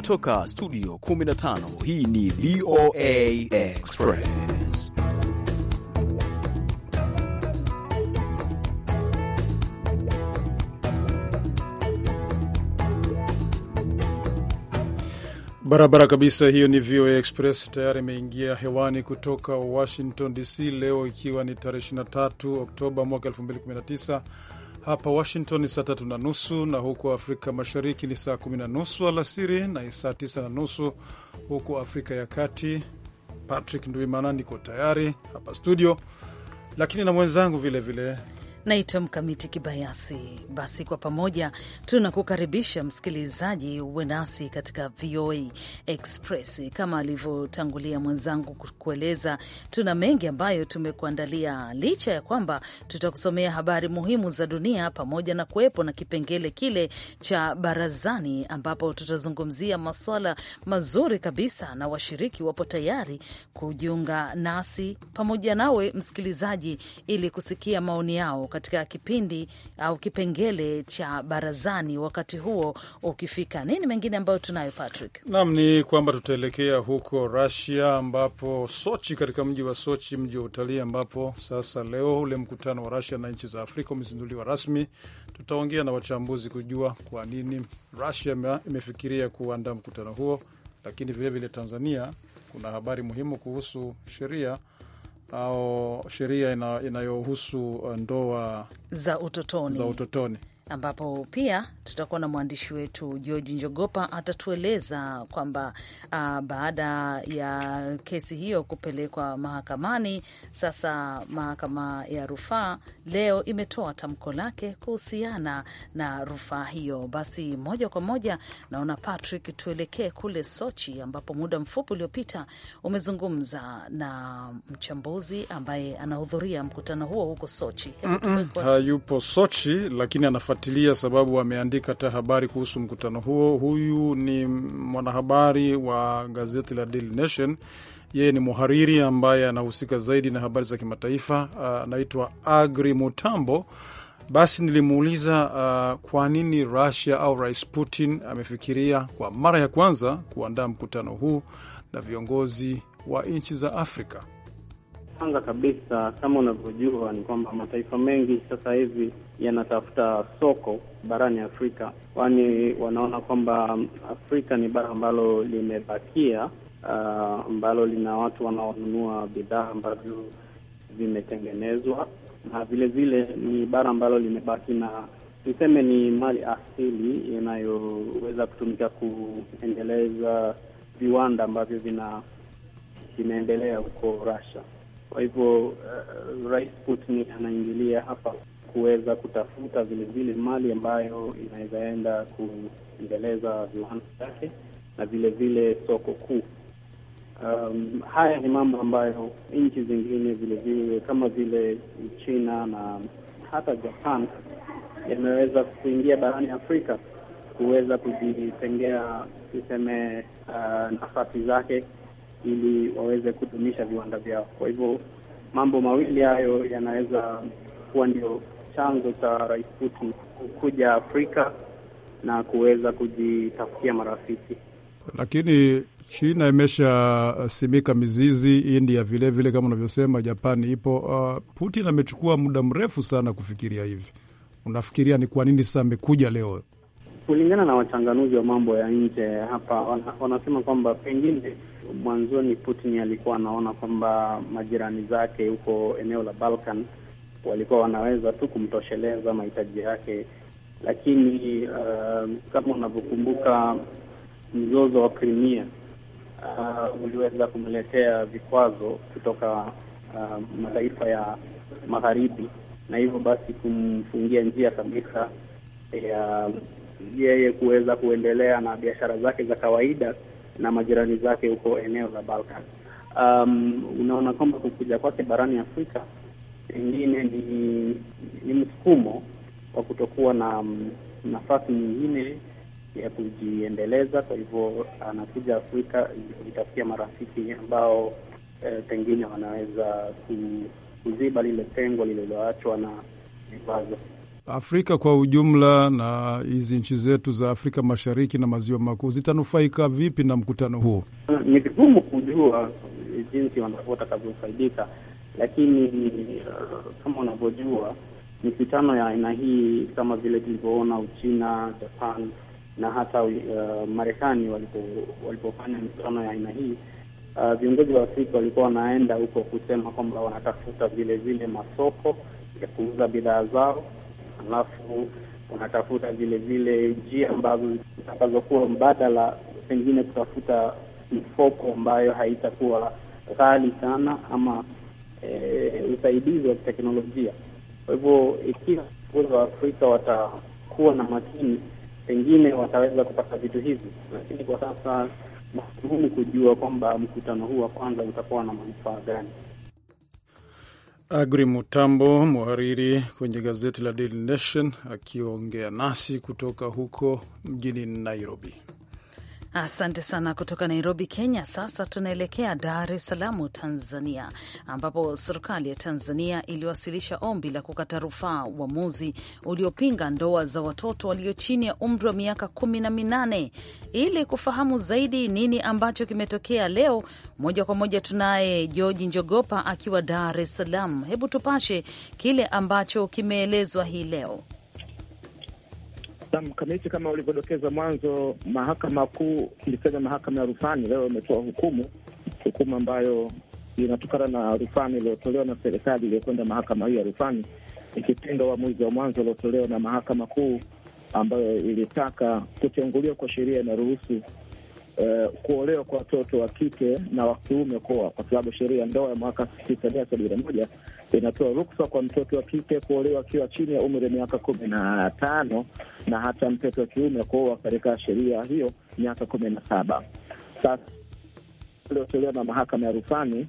kutoka studio 15 hii ni VOA Express. Barabara kabisa, hiyo ni VOA Express tayari imeingia hewani kutoka Washington DC, leo ikiwa ni tarehe 23 Oktoba mwaka 2019 hapa Washington ni saa tatu na nusu na huko Afrika Mashariki ni saa kumi na nusu alasiri na saa tisa na nusu huko Afrika ya Kati. Patrick nduimana niko tayari hapa studio, lakini na mwenzangu vilevile Naitwa Mkamiti Kibayasi. Basi kwa pamoja tunakukaribisha msikilizaji, uwe nasi katika VOA Express. Kama alivyotangulia mwenzangu kueleza tuna mengi ambayo tumekuandalia, licha ya kwamba tutakusomea habari muhimu za dunia pamoja na kuwepo na kipengele kile cha barazani, ambapo tutazungumzia maswala mazuri kabisa, na washiriki wapo tayari kujiunga nasi pamoja nawe msikilizaji, ili kusikia maoni yao katika kipindi au kipengele cha barazani. Wakati huo ukifika, nini mengine ambayo tunayo Patrick? Naam, ni kwamba tutaelekea huko Russia, ambapo Sochi, katika mji wa Sochi, mji wa utalii, ambapo sasa leo ule mkutano wa Russia na nchi za Afrika umezinduliwa rasmi. Tutaongea na wachambuzi kujua kwa nini Russia imefikiria kuandaa mkutano huo, lakini vilevile Tanzania kuna habari muhimu kuhusu sheria au sheria inayohusu uh, ndoa za utotoni, za utotoni ambapo pia tutakuwa na mwandishi wetu George Njogopa atatueleza kwamba uh, baada ya kesi hiyo kupelekwa mahakamani, sasa mahakama ya rufaa leo imetoa tamko lake kuhusiana na rufaa hiyo. Basi moja kwa moja naona Patrick, tuelekee kule Sochi ambapo muda mfupi uliopita umezungumza na mchambuzi ambaye anahudhuria mkutano huo huko Sochi. mm -mm, hayupo Sochi lakini anafuatilia kufuatilia, sababu ameandika hata habari kuhusu mkutano huo. Huyu ni mwanahabari wa gazeti la Daily Nation, yeye ni muhariri ambaye anahusika zaidi na habari za kimataifa, uh, anaitwa Agri Mutambo. Basi nilimuuliza uh, kwa nini Russia au Rais Putin amefikiria kwa mara ya kwanza kuandaa mkutano huu na viongozi wa nchi za Afrika. Kwanza kabisa, kama unavyojua ni kwamba mataifa mengi sasa hivi yanatafuta soko barani Afrika, kwani wanaona kwamba Afrika ni bara ambalo limebakia, uh, ambalo uh, lina watu wanaonunua bidhaa ambavyo vimetengenezwa na vile vile ni bara ambalo limebaki na niseme ni mali asili inayoweza kutumika kuendeleza viwanda ambavyo vina vinaendelea huko Russia. Kwa hivyo uh, Rais Putin anaingilia hapa kuweza kutafuta vilevile mali ambayo inaweza enda kuendeleza viwanda vyake na vilevile soko kuu. Um, haya ni mambo ambayo nchi zingine vilevile kama vile China na hata Japan yameweza kuingia barani Afrika kuweza kujitengea tuseme, uh, nafasi zake ili waweze kudumisha viwanda vyao. Kwa hivyo mambo mawili hayo yanaweza kuwa ndio chanzo cha Rais Putin kuja Afrika na kuweza kujitafutia marafiki. Lakini China imeshasimika mizizi, India vilevile vile, kama unavyosema, Japani ipo. Uh, Putin amechukua muda mrefu sana kufikiria hivi. Unafikiria ni kwa nini sasa amekuja leo? Kulingana na wachanganuzi wa mambo ya nje hapa wanasema kwamba pengine mwanzoni Putin alikuwa anaona kwamba majirani zake huko eneo la Balkan walikuwa wanaweza tu kumtosheleza mahitaji yake, lakini uh, kama unavyokumbuka mzozo wa krimia uh, uliweza kumletea vikwazo kutoka uh, mataifa ya magharibi na hivyo basi kumfungia njia kabisa ya um, yeye kuweza kuendelea na biashara zake za kawaida na majirani zake huko eneo la Balkan. Um, unaona kwamba kukuja kwake barani Afrika pengine ni, ni msukumo wa kutokuwa na mm, nafasi nyingine ya kujiendeleza. Kwa hivyo anakuja ah, Afrika kujitafutia marafiki ambao e, pengine wanaweza kuziba lile pengo lililoachwa na vikwazo. Afrika kwa ujumla na hizi nchi zetu za Afrika Mashariki na Maziwa Makuu zitanufaika vipi na mkutano huu? Ah, ni vigumu kujua jinsi watakavyofaidika lakini uh, kama unavyojua mikutano ya aina hii kama vile tulivyoona Uchina, Japan na hata uh, Marekani walipofanya mikutano ya aina hii uh, viongozi wa Afrika walikuwa wanaenda huko kusema kwamba wanatafuta vile vile masoko ya kuuza bidhaa zao, alafu wanatafuta vile vile njia ambazo zitakazokuwa mbadala, pengine kutafuta mfoko ambayo haitakuwa ghali sana ama eh, usaidizi wa kiteknolojia. Kwa hivyo ikiwa viongozi wa Afrika watakuwa na makini, pengine wataweza kupata vitu hivi, lakini kwa sasa muhimu kujua kwamba mkutano huu wa kwanza utakuwa na manufaa gani. Agri Mutambo, mhariri kwenye gazeti la Daily Nation, akiongea nasi kutoka huko mjini Nairobi. Asante sana kutoka Nairobi, Kenya. Sasa tunaelekea Dar es Salaam, Tanzania, ambapo serikali ya Tanzania iliwasilisha ombi la kukata rufaa uamuzi uliopinga ndoa za watoto walio chini ya umri wa miaka kumi na minane. Ili kufahamu zaidi nini ambacho kimetokea leo, moja kwa moja tunaye George Njogopa akiwa Dar es Salaam. Hebu tupashe kile ambacho kimeelezwa hii leo. Naam, Kamiti, kama ulivyodokeza mwanzo, mahakama kuu ilisema mahakama ya rufani leo imetoa hukumu, hukumu ambayo inatokana na rufani iliyotolewa na serikali iliyokwenda mahakama hiyo ya rufani, ikipinga uamuzi wa mwanzo uliotolewa na mahakama kuu ambayo ilitaka kutenguliwa kwa sheria inaruhusu eh, kuolewa kwa watoto wa kike na wa kiume kuoa, kwa sababu sheria ndoa ya mwaka moja inatoa ruksa kwa mtoto wa kike kuolewa akiwa chini ya umri wa miaka kumi na tano na hata mtoto wa kiume kuoa katika sheria hiyo miaka kumi na saba. Sasa iliotolewa na mahakama ya rufani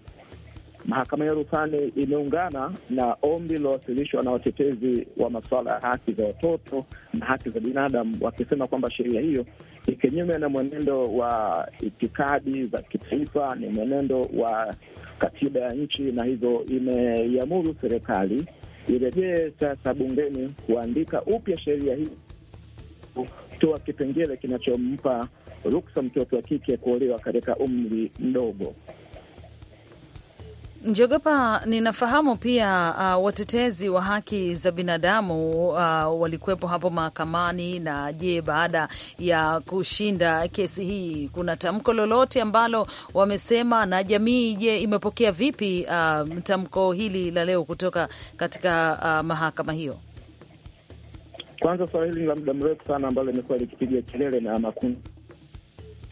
Mahakama ya rufani imeungana na ombi lilowasilishwa na watetezi wa masuala ya haki za watoto na haki za binadamu, wakisema kwamba sheria hiyo ni kinyume na mwenendo wa itikadi za kitaifa, ni mwenendo wa katiba ya nchi, na hivyo imeiamuru serikali irejee sasa bungeni kuandika upya sheria hii, kutoa kipengele kinachompa ruksa mtoto wa kike kuolewa katika umri mdogo. Njogopa, ninafahamu pia uh, watetezi wa haki za binadamu uh, walikuwepo hapo mahakamani. Na je, baada ya kushinda kesi hii, kuna tamko lolote ambalo wamesema? Na jamii, je, imepokea vipi uh, tamko hili la leo kutoka katika uh, mahakama hiyo? Kwanza, swala hili ni la muda mrefu sana ambalo limekuwa likipiga kelele na makundi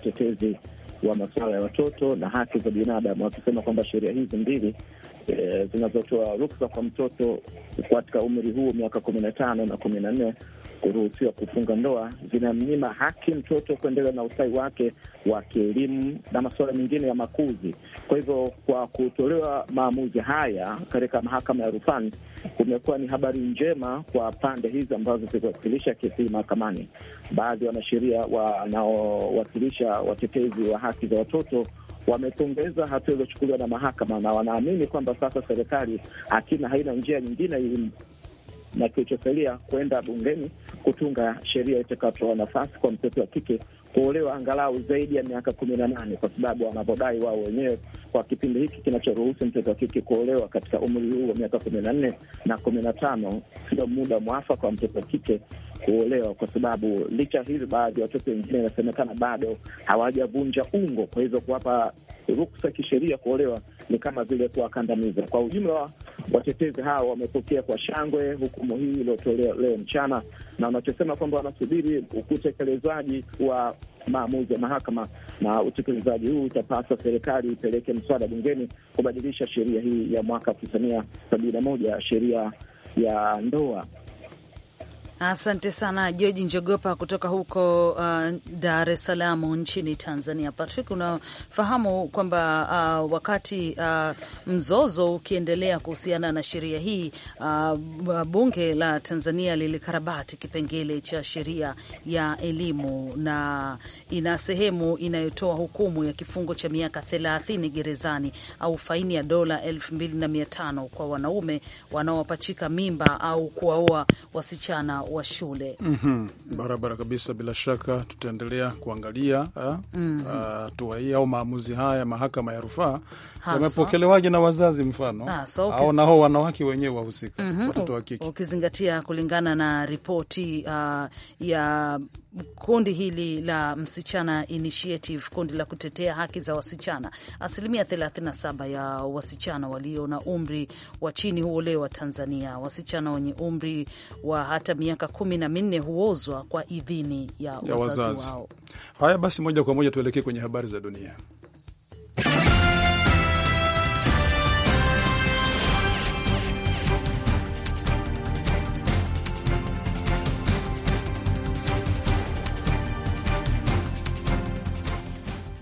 tetezi wa masuala ya watoto na haki za binadamu, wakisema kwamba sheria hizi mbili e, zinazotoa ruksa kwa mtoto katika umri huu miaka kumi na tano na kumi na nne kuruhusiwa kufunga ndoa zinamnyima haki mtoto kuendelea na ustawi wake wa kielimu na masuala mengine ya makuzi. Kwa hivyo, kwa kutolewa maamuzi haya katika mahakama ya rufani kumekuwa ni habari njema kwa pande hizi ambazo ziliwakilisha kesi hii mahakamani. Baadhi ya wanasheria wanaowakilisha watetezi wa haki za watoto wamepongeza hatua iliyochukuliwa na mahakama na wanaamini kwamba sasa serikali akina haina njia nyingine na kilichosalia kwenda bungeni kutunga sheria itakayotoa nafasi kwa mtoto wa kike kuolewa angalau zaidi ya miaka kumi na nane kwa sababu wanavyodai wao wenyewe kwa kipindi hiki kinachoruhusu mtoto wa kike kuolewa katika umri huu wa miaka kumi na nne na kumi na tano sio muda mwafaka wa mtoto wa kike kuolewa, kwa sababu licha hivyo, baadhi ya watoto wengine inasemekana bado hawajavunja ungo, kwa hivyo kuwapa ruksa kisheria kuolewa ni kama vile kuwakandamiza. Kwa ujumla, watetezi hao wamepokea kwa shangwe hukumu hii iliyotolewa leo mchana, na wanachosema kwamba wanasubiri utekelezaji wa maamuzi ya mahakama, na utekelezaji huu utapaswa serikali ipeleke mswada bungeni kubadilisha sheria hii ya mwaka elfu tisa mia sabini na moja, sheria ya ndoa Asante sana George Njogopa kutoka huko uh, Dar es Salaam nchini Tanzania. Patrick, unafahamu kwamba uh, wakati uh, mzozo ukiendelea kuhusiana na sheria hii uh, bunge la Tanzania lilikarabati kipengele cha sheria ya elimu na ina sehemu inayotoa hukumu ya kifungo cha miaka thelathini gerezani au faini ya dola elfu mbili na mia tano kwa wanaume wanaopachika mimba au kuwaoa wasichana wa shule. mm -hmm. Barabara kabisa, bila shaka tutaendelea kuangalia mhm. ah, hatua mm -hmm. hii au maamuzi haya mahakama ya rufaa yamepokelewaje na wazazi, mfano au nao wanawake wenyewe wahusika, mm -hmm. watoto wa kike, ukizingatia kulingana na ripoti uh, ya kundi hili la Msichana Initiative, kundi la kutetea haki za wasichana, asilimia 37 ya wasichana walio na umri wa chini huo wa Tanzania. Wasichana wenye umri wa hata miaka miaka kumi na minne huozwa kwa idhini ya wazazi wao. Haya basi, moja kwa moja tuelekee kwenye habari za dunia.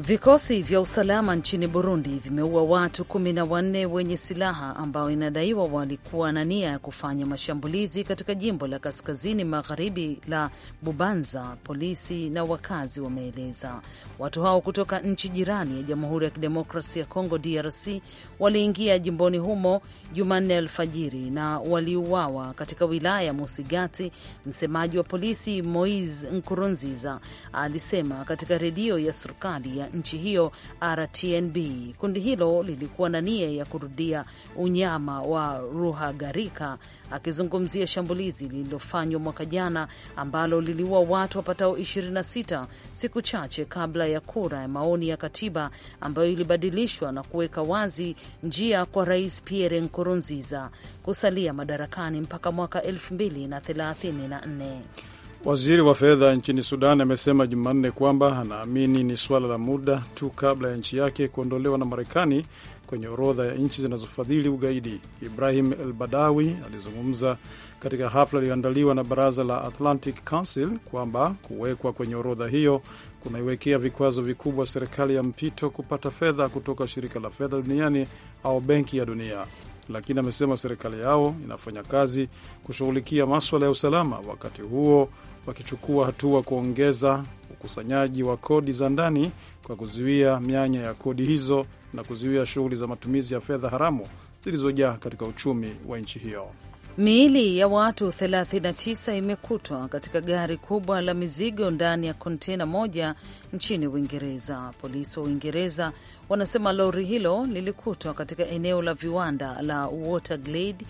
Vikosi vya usalama nchini Burundi vimeua watu kumi na wanne wenye silaha ambao inadaiwa walikuwa na nia ya kufanya mashambulizi katika jimbo la kaskazini magharibi la Bubanza, polisi na wakazi wameeleza. Watu hao kutoka nchi jirani ya Jamhuri ya Kidemokrasi ya Kongo, DRC, waliingia jimboni humo Jumanne alfajiri na waliuawa katika wilaya ya Musigati. Msemaji wa polisi Moise Nkurunziza alisema katika redio ya serikali ya nchi hiyo RTNB. Kundi hilo lilikuwa na nia ya kurudia unyama wa Ruhagarika, akizungumzia shambulizi lililofanywa mwaka jana ambalo liliua watu wapatao 26 siku chache kabla ya kura ya maoni ya katiba ambayo ilibadilishwa na kuweka wazi njia kwa Rais Pierre Nkurunziza kusalia madarakani mpaka mwaka 2034. Waziri wa fedha nchini Sudan amesema Jumanne kwamba anaamini ni suala la muda tu kabla ya nchi yake kuondolewa na Marekani kwenye orodha ya nchi zinazofadhili ugaidi. Ibrahim El Badawi alizungumza katika hafla iliyoandaliwa na baraza la Atlantic Council kwamba kuwekwa kwenye orodha hiyo kunaiwekea vikwazo vikubwa serikali ya mpito kupata fedha kutoka shirika la fedha duniani au benki ya dunia lakini amesema serikali yao inafanya kazi kushughulikia maswala ya usalama, wakati huo wakichukua hatua kuongeza ukusanyaji wa kodi za ndani kwa kuzuia mianya ya kodi hizo na kuzuia shughuli za matumizi ya fedha haramu zilizojaa katika uchumi wa nchi hiyo. Miili ya watu 39 imekutwa katika gari kubwa la mizigo ndani ya kontena moja nchini Uingereza. Polisi wa Uingereza wanasema lori hilo lilikutwa katika eneo la viwanda la Waterglade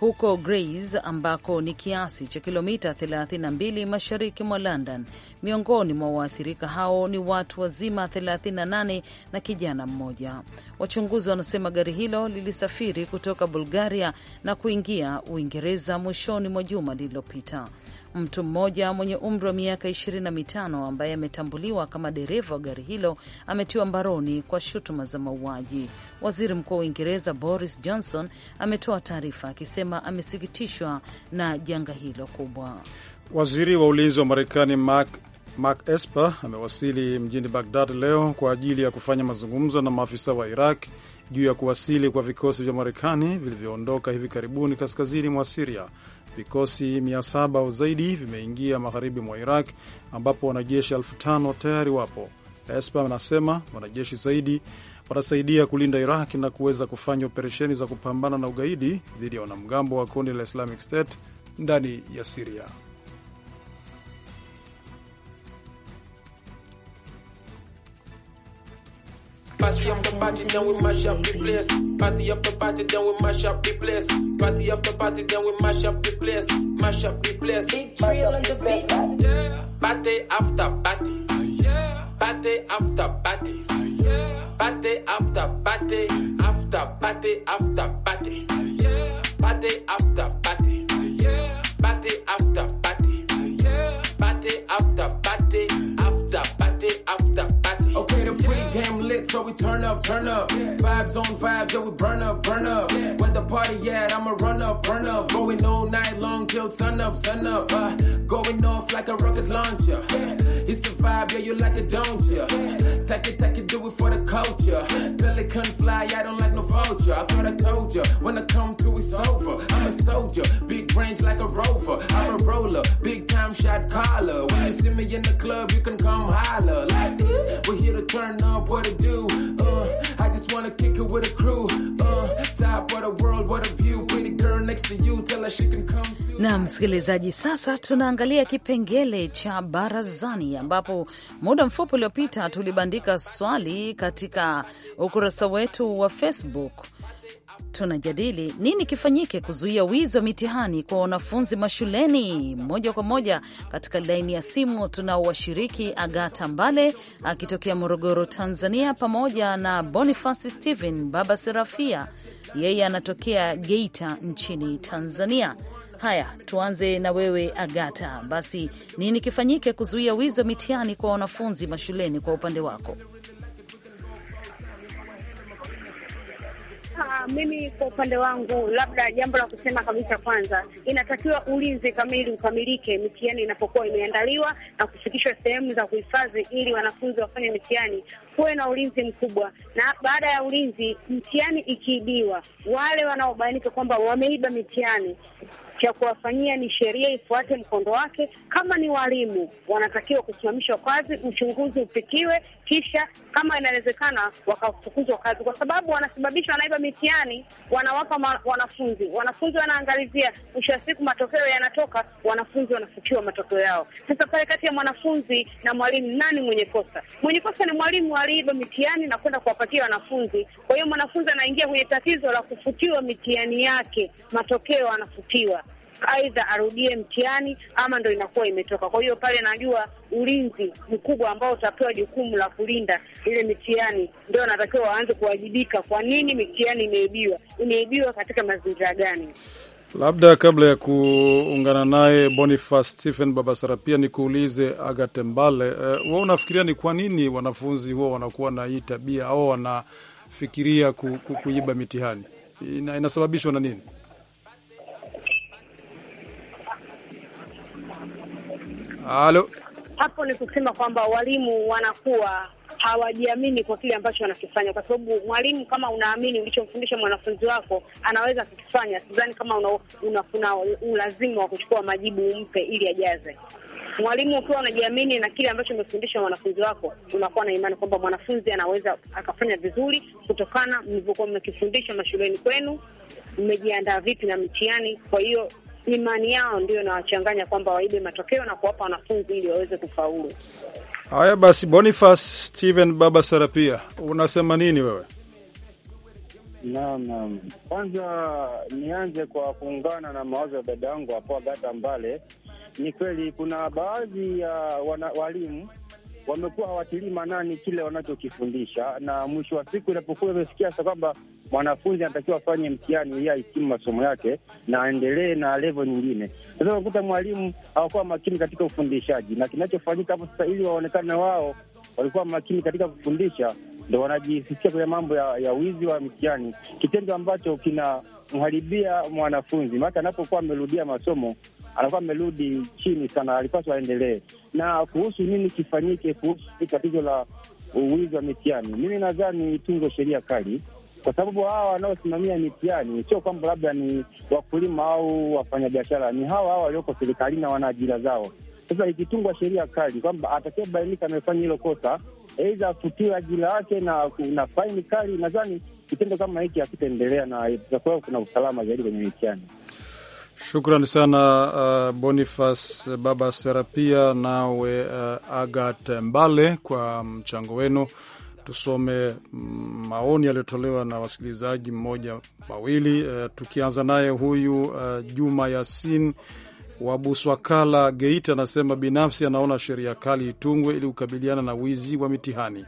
huko Grays ambako ni kiasi cha kilomita 32 mashariki mwa London. Miongoni mwa waathirika hao ni watu wazima 38 na kijana mmoja. Wachunguzi wanasema gari hilo lilisafiri kutoka Bulgaria na kuingia Uingereza mwishoni mwa juma lililopita. Mtu mmoja mwenye umri wa miaka ishirini na mitano ambaye ametambuliwa kama dereva wa gari hilo ametiwa mbaroni kwa shutuma za mauaji. Waziri Mkuu wa Uingereza Boris Johnson ametoa taarifa akisema amesikitishwa na janga hilo kubwa. Waziri wa ulinzi wa Marekani Mark Mark Esper amewasili mjini Bagdad leo kwa ajili ya kufanya mazungumzo na maafisa wa Iraq juu ya kuwasili kwa vikosi vya Marekani vilivyoondoka hivi karibuni kaskazini mwa Siria Vikosi 700 au zaidi vimeingia magharibi mwa Iraq ambapo wanajeshi elfu tano tayari wapo. ESPA anasema wanajeshi zaidi watasaidia kulinda Iraq na kuweza kufanya operesheni za kupambana na ugaidi dhidi ya wanamgambo wa kundi la Islamic State ndani ya Siria. Party after party, then we mash up the place. Party after party, then we mash up the place. Party after party, then we mash up the place. Mash up the place. Big trail on the beat. Yeah. Party after party. Uh, yeah. Party after party. Uh, yeah. Party after party. After party after. we turn up, turn up. Yeah. Vibes on vibes, yeah, we burn up, burn up. Yeah. the party at, I'ma run up, burn up. Going all night long till sun up, sun up. Uh, going off like a rocket launcher. Yeah. It's the vibe, yeah, you like it, don't ya? Yeah. Take it, take it, do it for the culture. can fly, I don't like no vulture. I thought I told you, when I come to, it's over. I'm a soldier, big range like a rover. I'm a roller, big time shot caller. When you see me in the club, you can come holler. Like, we're here to turn up, what to do? Uh, I just wanna kick it with a crew. Uh, top of the world, what a view. Pretty girl next to you, tell her she can come too. Na msikilizaji, sasa tunaangalia kipengele cha barazani, ambapo muda mfupi uliopita tulibandika swali katika ukurasa wetu wa Facebook tunajadili nini kifanyike kuzuia wizi wa mitihani kwa wanafunzi mashuleni. Moja kwa moja katika laini ya simu tunao washiriki Agata Mbale akitokea Morogoro, Tanzania, pamoja na Bonifasi Stephen Baba Serafia, yeye anatokea Geita nchini Tanzania. Haya, tuanze na wewe Agata. Basi nini kifanyike kuzuia wizi wa mitihani kwa wanafunzi mashuleni kwa upande wako? mimi kwa upande wangu, labda jambo la kusema kabisa, kwanza inatakiwa ulinzi kamili ukamilike mitihani inapokuwa imeandaliwa na kufikishwa sehemu za kuhifadhi, ili wanafunzi wafanye mitihani, kuwe na ulinzi mkubwa. Na baada ya ulinzi, mtihani ikiibiwa, wale wanaobainika kwamba wameiba mitihani cha kuwafanyia ni sheria ifuate mkondo wake. Kama ni walimu wanatakiwa kusimamishwa kazi, uchunguzi upikiwe, kisha kama inawezekana wakafukuzwa kazi, kwa sababu wanasababisha, wanaiba mitihani, wanawapa wanafunzi, wanafunzi wanaangalizia, mwisho wa siku matokeo yanatoka, wanafunzi wanafukiwa matokeo yao. Sasa pale kati ya mwanafunzi na mwalimu, nani mwenye kosa? Mwenye kosa ni mwalimu, aliiba mitihani na kwenda kuwapatia wanafunzi. Kwa hiyo mwanafunzi anaingia kwenye tatizo la kufutiwa mitihani yake, matokeo anafutiwa aidha arudie mtihani ama ndo inakuwa imetoka. Kwa hiyo pale najua ulinzi mkubwa ambao utapewa jukumu la kulinda ile mitihani, ndio anatakiwa waanze kuwajibika. Kwa nini mitihani imeibiwa? Imeibiwa katika mazingira gani? Labda kabla ya kuungana naye Boniface Stephen Babasara, pia nikuulize Agatembale, Mbale, uh, unafikiria ni kwa nini wanafunzi huwa wanakuwa na hii tabia au wanafikiria ku, ku, kuiba mitihani? Ina, inasababishwa na nini? Halo. Hapo ni kusema kwamba walimu wanakuwa hawajiamini kwa kile ambacho wanakifanya, kwa sababu mwalimu kama unaamini ulichomfundisha mwanafunzi wako anaweza kukifanya, sidhani kama una, una, una ulazima wa kuchukua majibu umpe ili ajaze. Mwalimu ukiwa unajiamini na kile ambacho umefundisha mwanafunzi wako, unakuwa na imani kwamba mwanafunzi anaweza akafanya vizuri kutokana mlivyokuwa mmekifundisha mashuleni kwenu, mmejiandaa vipi na mtihani. Kwa hiyo imani yao ndio inawachanganya kwamba waibe matokeo na kuwapa wanafunzi ili waweze kufaulu. Haya basi, Bonifas Steven Baba Sarapia, unasema nini wewe? Naam, naam. Kwanza nianze kwa kuungana na mawazo ya dada yangu hapo Agata Mbale. Ni kweli kuna baadhi ya uh, walimu wamekuwa hawatilii maanani kile wanachokifundisha, na mwisho wa siku inapokuwa imefikia sa kwamba mwanafunzi anatakiwa afanye mtihani ili ahitimu masomo yake na aendelee na levo nyingine. Sasa unakuta mwalimu hawakuwa makini katika ufundishaji, na kinachofanyika hapo sasa, ili waonekane wao walikuwa makini katika kufundisha, ndo wanajihusisha kwenye mambo ya, ya wizi wa mtihani, kitendo ambacho kinamharibia mwanafunzi, maana anapokuwa amerudia masomo alikuwa amerudi chini sana, alipaswa aendelee. Na kuhusu nini kifanyike kuhusu tatizo la uwizi wa mitihani, mimi nadhani itungwe sheria kali, kwa sababu hawa wanaosimamia mitihani sio kwamba labda ni wakulima au wafanyabiashara, ni hawa hawa walioko serikalini na wana ajira zao. Sasa ikitungwa sheria kali kwamba atakayebainika amefanya hilo kosa, aidha afutiwe ajira yake na na faini kali, nadhani kitendo kama hiki hakitaendelea na itakuwa kuna usalama zaidi kwenye mitihani. Shukran sana uh, Bonifas Baba Serapia nawe uh, Agat Mbale kwa mchango wenu. Tusome mm, maoni yaliyotolewa na wasikilizaji mmoja mawili, uh, tukianza naye huyu uh, Juma Yasin wa Buswakala, Geita, anasema binafsi anaona sheria kali itungwe ili kukabiliana na wizi wa mitihani.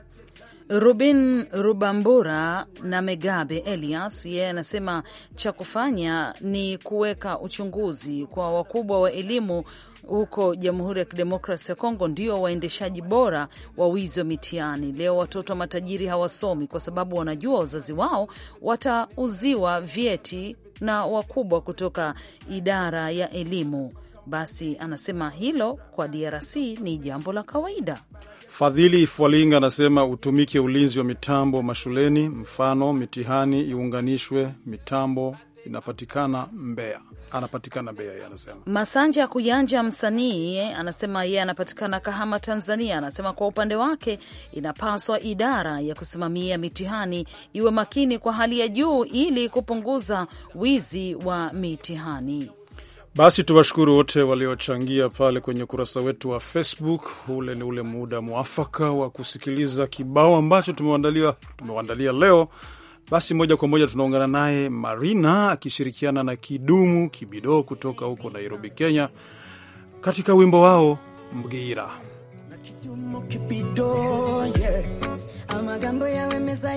Rubin Rubambura na Megabe Elias yeye anasema cha kufanya ni kuweka uchunguzi kwa wakubwa wa elimu huko Jamhuri ya Kidemokrasi ya Kongo ndio waendeshaji bora wa wizi wa mitihani. Leo watoto matajiri hawasomi kwa sababu wanajua wazazi wao watauziwa vyeti na wakubwa kutoka idara ya elimu. Basi anasema hilo kwa DRC ni jambo la kawaida. Fadhili Fwalinga anasema utumike ulinzi wa mitambo mashuleni, mfano mitihani iunganishwe mitambo inapatikana Mbeya, anapatikana Mbeya yeye anasema. Masanja Kuyanja msanii anasema yeye anapatikana Kahama, Tanzania. Anasema kwa upande wake inapaswa idara ya kusimamia mitihani iwe makini kwa hali ya juu ili kupunguza wizi wa mitihani. Basi tuwashukuru wote waliochangia pale kwenye ukurasa wetu wa Facebook. Ule ni ule muda mwafaka wa kusikiliza kibao ambacho tumewaandalia tumewaandalia leo. Basi moja kwa moja tunaungana naye Marina akishirikiana na Kidumu Kibidoo kutoka huko Nairobi, Kenya, katika wimbo wao Mgira. amagambo yawe meza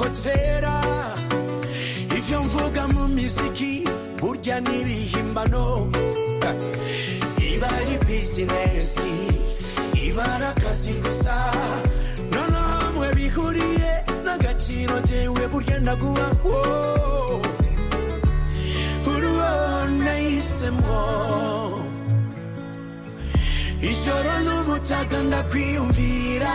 cochera ibyo mvuga mu miziki burya n'ibihimbano iba ari bizinesi iba ari akazi gusa noneho mwe bihuriye n'agaciro jyewe burya ndaguha ko urubona yisemwo ijoro n'umutaga ndakwiyumvira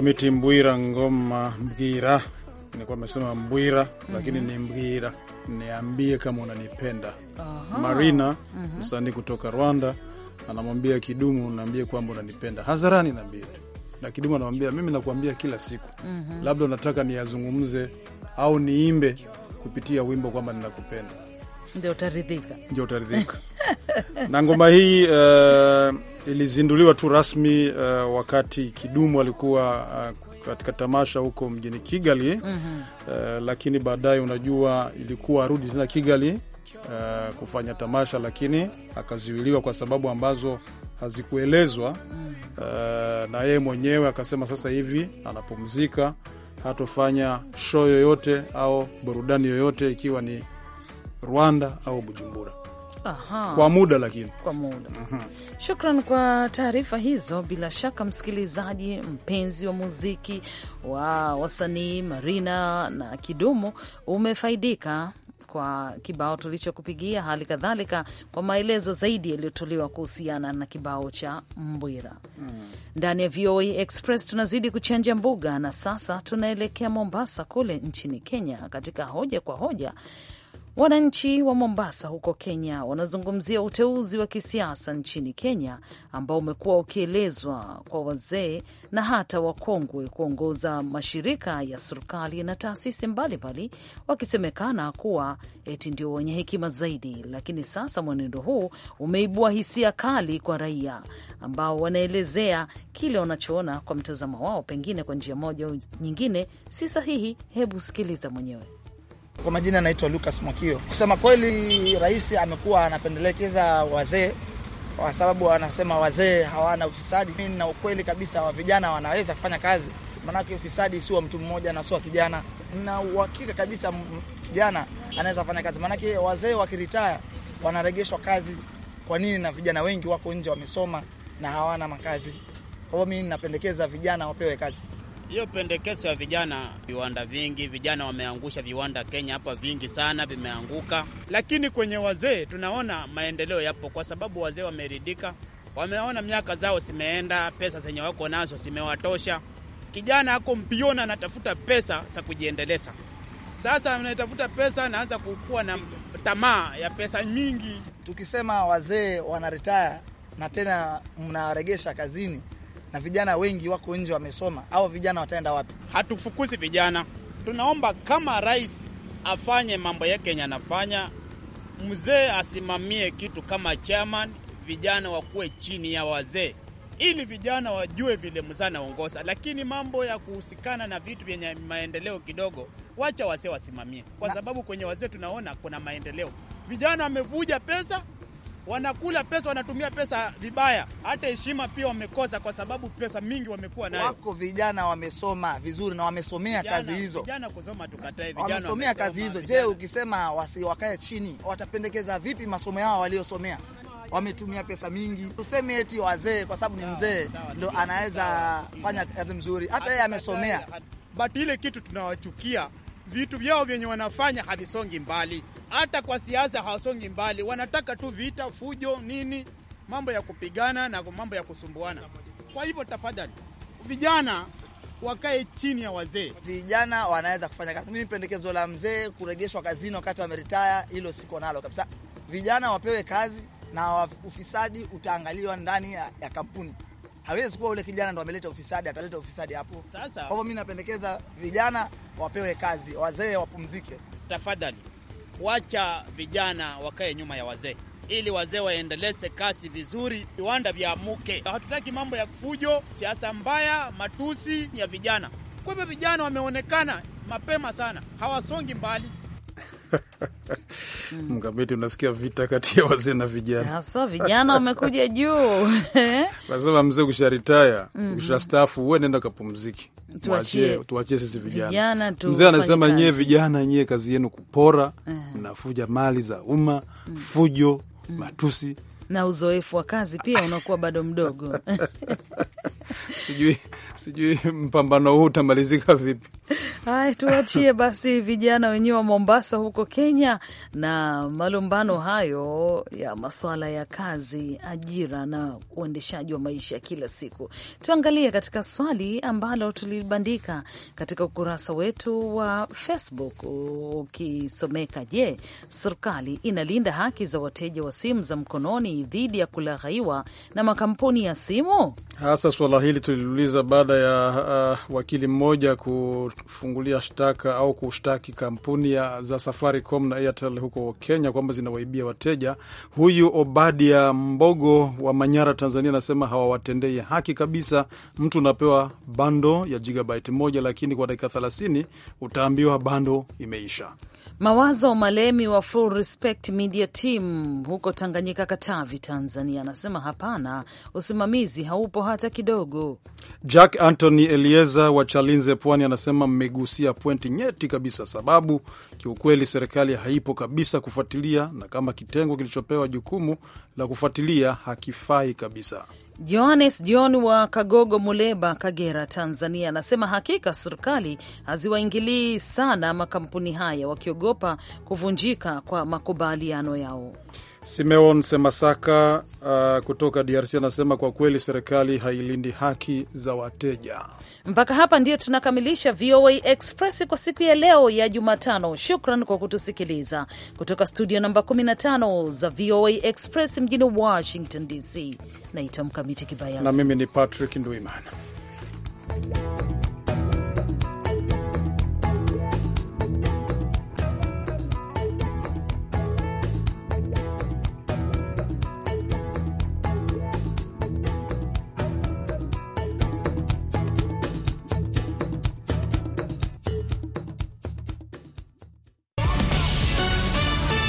mkamiti Mbwira ngoma Mbwira nikuwa amesema Mbwira mm -hmm. lakini ni Mbwira. Niambie kama unanipenda. Aha. Marina mm -hmm. msanii kutoka Rwanda anamwambia Kidumu, naambie kwamba unanipenda hadharani, naambie tu na Kidumu anamwambia mimi nakuambia kila siku mm -hmm. labda unataka niyazungumze au niimbe kupitia wimbo kwamba ninakupenda ndio utaridhika, ndio utaridhika. na ngoma hii uh, ilizinduliwa tu rasmi uh, wakati Kidumu alikuwa uh, katika tamasha huko mjini Kigali mm -hmm. uh, lakini baadaye, unajua ilikuwa arudi tena Kigali uh, kufanya tamasha, lakini akaziwiliwa kwa sababu ambazo hazikuelezwa mm. Uh, na yeye mwenyewe akasema sasa hivi anapumzika, hatofanya show yoyote au burudani yoyote, ikiwa ni Rwanda au Bujumbura. Aha. Kwa muda lakini kwa muda. Mhm. Shukran kwa taarifa hizo. Bila shaka, msikilizaji mpenzi wa muziki wa wasanii Marina na Kidumu, umefaidika kwa kibao tulichokupigia, hali kadhalika kwa maelezo zaidi yaliyotolewa kuhusiana na kibao cha Mbwira. Mm. Ndani hmm, ya VOA Express tunazidi kuchanja mbuga, na sasa tunaelekea Mombasa kule nchini Kenya katika hoja kwa hoja Wananchi wa Mombasa huko Kenya wanazungumzia uteuzi wa kisiasa nchini Kenya ambao umekuwa ukielezwa kwa wazee na hata wakongwe kuongoza mashirika ya serikali na taasisi mbalimbali, wakisemekana kuwa eti ndio wenye hekima zaidi. Lakini sasa mwenendo huu umeibua hisia kali kwa raia ambao wanaelezea kile wanachoona kwa mtazamo wao, pengine kwa njia moja au nyingine si sahihi. Hebu sikiliza mwenyewe. Kwa majina anaitwa Lucas Mwakio. Kusema kweli, rais amekuwa anapendelekeza wazee kwa sababu anasema wazee hawana ufisadi. Mimi na ukweli kabisa wa vijana wanaweza kufanya kazi, maanake ufisadi si wa mtu mmoja na si wa kijana. Na uhakika kabisa kijana anaweza kufanya kazi, maanake wazee wakiritaya wanaregeshwa kazi. Kwa nini? Na vijana wengi wako nje wamesoma na hawana makazi. Kwa hiyo mimi napendekeza vijana wapewe kazi hiyo pendekezo ya vijana, viwanda vingi, vijana wameangusha viwanda Kenya hapa vingi sana vimeanguka, lakini kwenye wazee tunaona maendeleo yapo, kwa sababu wazee wameridhika, wameona miaka zao zimeenda, pesa zenye wako nazo zimewatosha. Kijana ako mpiona anatafuta pesa za kujiendeleza. Sasa anatafuta pesa, anaanza kukuwa na tamaa ya pesa nyingi. Tukisema wazee wanaretaya na tena mnawaregesha kazini na vijana wengi wako nje wamesoma, au vijana wataenda wapi? Hatufukuzi vijana, tunaomba kama rais afanye mambo yake yenye anafanya, mzee asimamie kitu kama chairman, vijana wakuwe chini ya wazee ili vijana wajue vile mzee anaongoza, lakini mambo ya kuhusikana na vitu vyenye maendeleo kidogo, wacha wazee wasimamie, kwa sababu kwenye wazee tunaona kuna maendeleo. Vijana wamevuja pesa, wanakula pesa, wanatumia pesa vibaya, hata heshima pia wamekosa, kwa sababu pesa mingi wamekuwa nayo. Wako vijana wamesoma vizuri na wamesomea vijana, kazi hizo vijana kusoma tukatae, vijana wamesomea, kazi hizo. Je, ukisema wasi wakae chini, watapendekeza vipi masomo yao waliosomea? Wametumia pesa mingi, tuseme eti wazee, kwa sababu ni mzee ndo anaweza fanya kazi mzuri, hata yeye amesomea, but ile kitu tunawachukia vitu vyao vyenye wanafanya havisongi mbali, hata kwa siasa hawasongi mbali. Wanataka tu vita, fujo, nini, mambo ya kupigana na mambo ya kusumbuana. Kwa hivyo, tafadhali vijana wakae chini ya wazee. Vijana wanaweza kufanya kazi. Mimi pendekezo la mzee kurejeshwa kazini wakati wameritaya, hilo siko nalo kabisa. Vijana wapewe kazi na ufisadi utaangaliwa ndani ya, ya kampuni hawezi kuwa ule kijana ndo ameleta ufisadi, ataleta ufisadi hapo. Sasa kwa hivyo mimi napendekeza vijana wapewe kazi, wazee wapumzike. Tafadhali wacha vijana wakae nyuma ya wazee ili wazee waendeleze kasi vizuri, viwanda vyamuke. Hatutaki mambo ya fujo, siasa mbaya, matusi ya vijana. Kwa hivyo vijana wameonekana mapema sana, hawasongi mbali. Mm. Mkamiti, unasikia vita kati ya wazee na vijana haswa. Vijana wamekuja juu, eh? nasema mzee ukisharitaya mm-hmm. stafu uwe nenda kapumziki, tuachie sisi vijana. Mzee anasema nyie vijana, nyie kazi yenu kupora, eh. mnafuja mali za umma, mm. fujo, mm. matusi na uzoefu wa kazi pia unakuwa bado mdogo. sijui Sijui mpambano huu utamalizika vipi? Haya, tuachie basi vijana wenyewe wa Mombasa huko Kenya na malumbano hayo ya masuala ya kazi, ajira na uendeshaji wa maisha ya kila siku. Tuangalie katika swali ambalo tulibandika katika ukurasa wetu wa Facebook ukisomeka: Je, serikali inalinda haki za wateja wa simu za mkononi dhidi ya kulaghaiwa na makampuni ya simu? Hasa swala hili tuliliuliza baada baada ya uh, wakili mmoja kufungulia shtaka au kushtaki kampuni za Safaricom na Airtel huko Kenya kwamba zinawaibia wateja. Huyu Obadia Mbogo wa Manyara, Tanzania, anasema hawawatendei haki kabisa. Mtu unapewa bando ya gigabyte moja, lakini kwa dakika thelathini utaambiwa bando imeisha. Mawazo Malemi wa Full Respect Media Team huko Tanganyika, Katavi, Tanzania, anasema hapana, usimamizi haupo hata kidogo. Jack Mark Anthony Elieza wa Chalinze, Pwani, anasema mmegusia pointi nyeti kabisa, sababu kiukweli serikali haipo kabisa kufuatilia, na kama kitengo kilichopewa jukumu la kufuatilia hakifai kabisa. Johannes John wa Kagogo, Muleba, Kagera, Tanzania anasema hakika serikali haziwaingilii sana makampuni haya, wakiogopa kuvunjika kwa makubaliano yao. Simeon Semasaka uh, kutoka DRC anasema kwa kweli serikali hailindi haki za wateja. Mpaka hapa ndio tunakamilisha VOA Express kwa siku ya leo ya Jumatano. Shukran kwa kutusikiliza kutoka studio namba 15 za VOA Express mjini Washington DC. Naitwa Mkamiti Kibayasi na mimi ni Patrick Ndwimana.